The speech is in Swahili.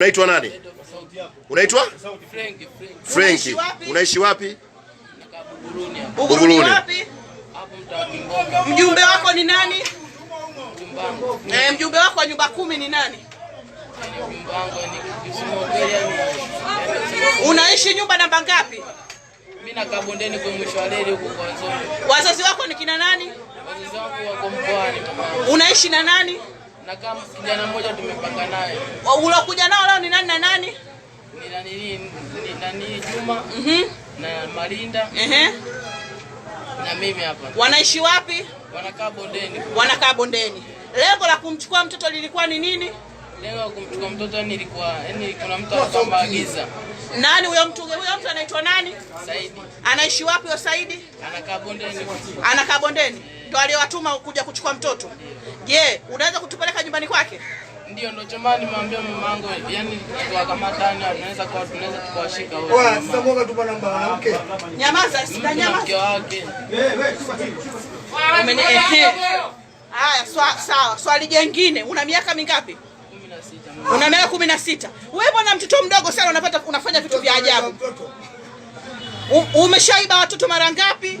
Unaitwa nani? Unaitwa Frenki. Unaishi wapi? Buguruni. Mjumbe wako ni nani? Eh, mjumbe wako wa nyumba kumi ni nani? Unaishi nyumba namba ngapi? Mimi nakaa bondeni kwa mwisho wa reli huko kwa nzuri. Wazazi wako ni kina nani? Wazazi wako wako mkoani. Unaishi na nani? na kama kijana mmoja tumepanga naye. Ulokuja nao leo ni nani na nani? Ni nani ni ni nani Juma? Mhm. Mm Na Malinda. Ehe. Mhm. Na mimi hapa. Wanaishi wapi? Wanakaa bondeni. Wanakaa bondeni. Lengo la kumchukua mtoto lilikuwa ni nini? Lengo la kumchukua mtoto nilikuwa yani kuna mtu alikuwa agiza. Nani huyo mtu? Huyo mtu anaitwa nani? Saidi. Anaishi wapi huyo Saidi? Anakaa bondeni. Anakaa bondeni. Yeah ndo aliyowatuma kuja kuchukua mtoto. Je, unaweza kutupeleka nyumbani kwake? Ndio, ndo chama nimwambia mamangu, yani tuwakamata, yani tunaweza kwa tunaweza tukawashika wao. Wewe sasa mbona tupa namba mwanamke? Nyamaza, sita nyamaza. Mke wake. Wewe eh, tupa Haya, sawa sawa. Swali jingine, una miaka mingapi? Una miaka kumi na sita. Wewe bwana, mtoto mdogo sana unapata, unafanya vitu vya ajabu. Umeshaiba watoto mara ngapi?